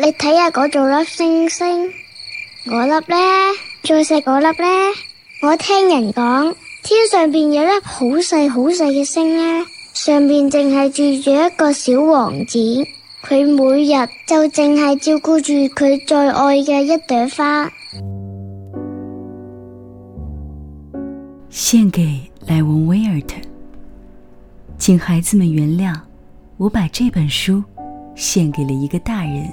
你睇下嗰組粒星星，嗰粒咧，最細嗰粒咧。我聽人講，天上邊有粒好細好細嘅星咧，上邊淨係住住一個小王子，佢每日就淨係照顧住佢最愛嘅一朵花。獻給萊文威爾特，請孩子們原諒，我把這本書獻給了一個大人。